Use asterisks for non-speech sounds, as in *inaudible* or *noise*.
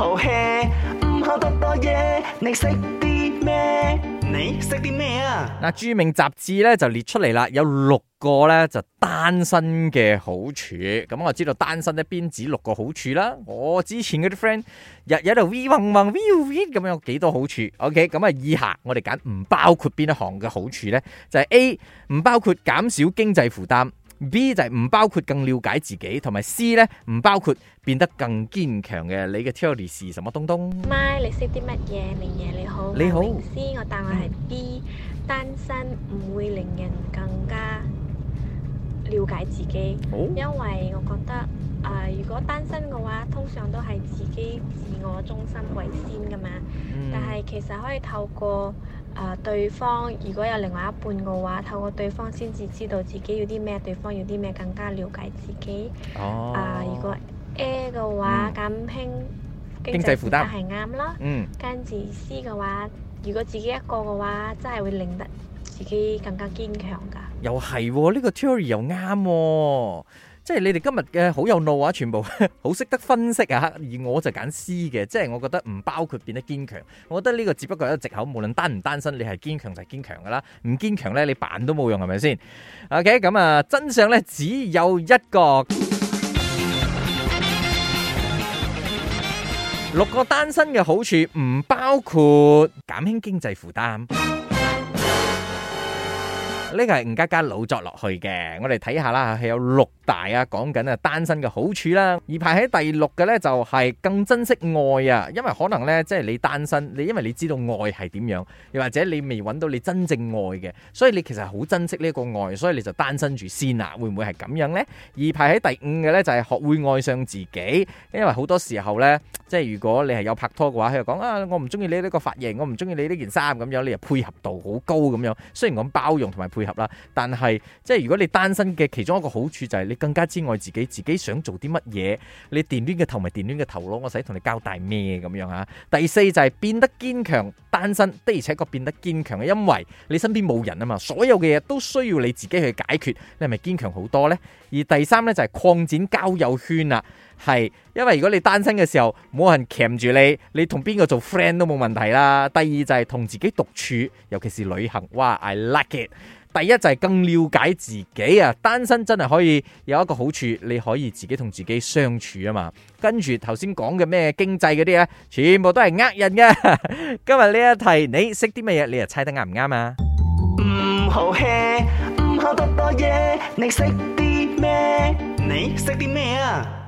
好 hea 唔好多多嘢，你識啲咩？你識啲咩啊？嗱，著名雜誌咧就列出嚟啦，有六個咧就單身嘅好處。咁、嗯、我知道單身咧邊止六個好處啦。我之前嗰啲 friend 日日喺度 v 掹掹 v v 咁有幾多好處？OK，咁啊，以下我哋揀唔包括邊一行嘅好處咧，就係、是、A 唔包括減少經濟負擔。B 就係唔包括更了解自己，同埋 C 呢唔包括變得更堅強嘅。你嘅 Tally 是什麼東東？咪你識啲乜嘢？明嘢你好？你好。C 我答案係 B、嗯、單身唔會令人更加了解自己，好因為我覺得誒、呃，如果單身嘅話，通常都係自己自我中心為先噶嘛。嗯、但係其實可以透過。誒對方如果有另外一半嘅話，透過對方先至知道自己要啲咩，對方要啲咩，更加了解自己。哦。啊，如果 A 嘅話減輕、嗯、經，經濟負擔係啱啦。嗯。跟住 C 嘅話，如果自己一個嘅話，真係會令得自己更加堅強㗎。又係喎、哦，呢、呢個 theory 又啱喎、哦。即係你哋今日嘅好有腦啊，全部好識得分析啊，而我就揀 C 嘅，即係我覺得唔包括變得堅強，我覺得呢個只不過係一個借口。無論單唔單身，你係堅強就係堅強噶啦，唔堅強呢，你扮都冇用，係咪先？OK，咁啊真相呢，只有一個，六個單身嘅好處唔包括減輕經濟負擔。呢個係吳家家老作落去嘅，我哋睇下啦，係有六大啊講緊啊單身嘅好處啦，而排喺第六嘅呢，就係、是、更珍惜愛啊，因為可能呢，即係你單身，你因為你知道愛係點樣，又或者你未揾到你真正愛嘅，所以你其實好珍惜呢個愛，所以你就單身住先啊，會唔會係咁樣呢？而排喺第五嘅呢，就係、是、學會愛上自己，因為好多時候呢，即係如果你係有拍拖嘅話，佢就講啊我唔中意你呢個髮型，我唔中意你呢件衫咁樣，你又配合度好高咁樣，雖然講包容同埋配合啦，但係即係如果你單身嘅其中一個好處就係你更加知愛自己，自己想做啲乜嘢，你電攣嘅頭咪電攣嘅頭腦，我使同你交代咩咁樣啊？第四就係變得堅強，單身的而且確變得堅強，因為你身邊冇人啊嘛，所有嘅嘢都需要你自己去解決，你係咪堅強好多呢？而第三呢，就係擴展交友圈啊。係，因為如果你單身嘅時候冇人鉗住你，你同邊個做 friend 都冇問題啦。第二就係同自己獨處，尤其是旅行，哇，I like it。第一就係更了解自己啊！單身真係可以有一個好處，你可以自己同自己相處啊嘛。跟住頭先講嘅咩經濟嗰啲啊，全部都係呃人嘅。 *laughs* 今日呢一題，你識啲咩？嘢？你又猜得啱唔啱啊？唔好 h 唔好多多嘢，你識啲咩？你識啲咩啊？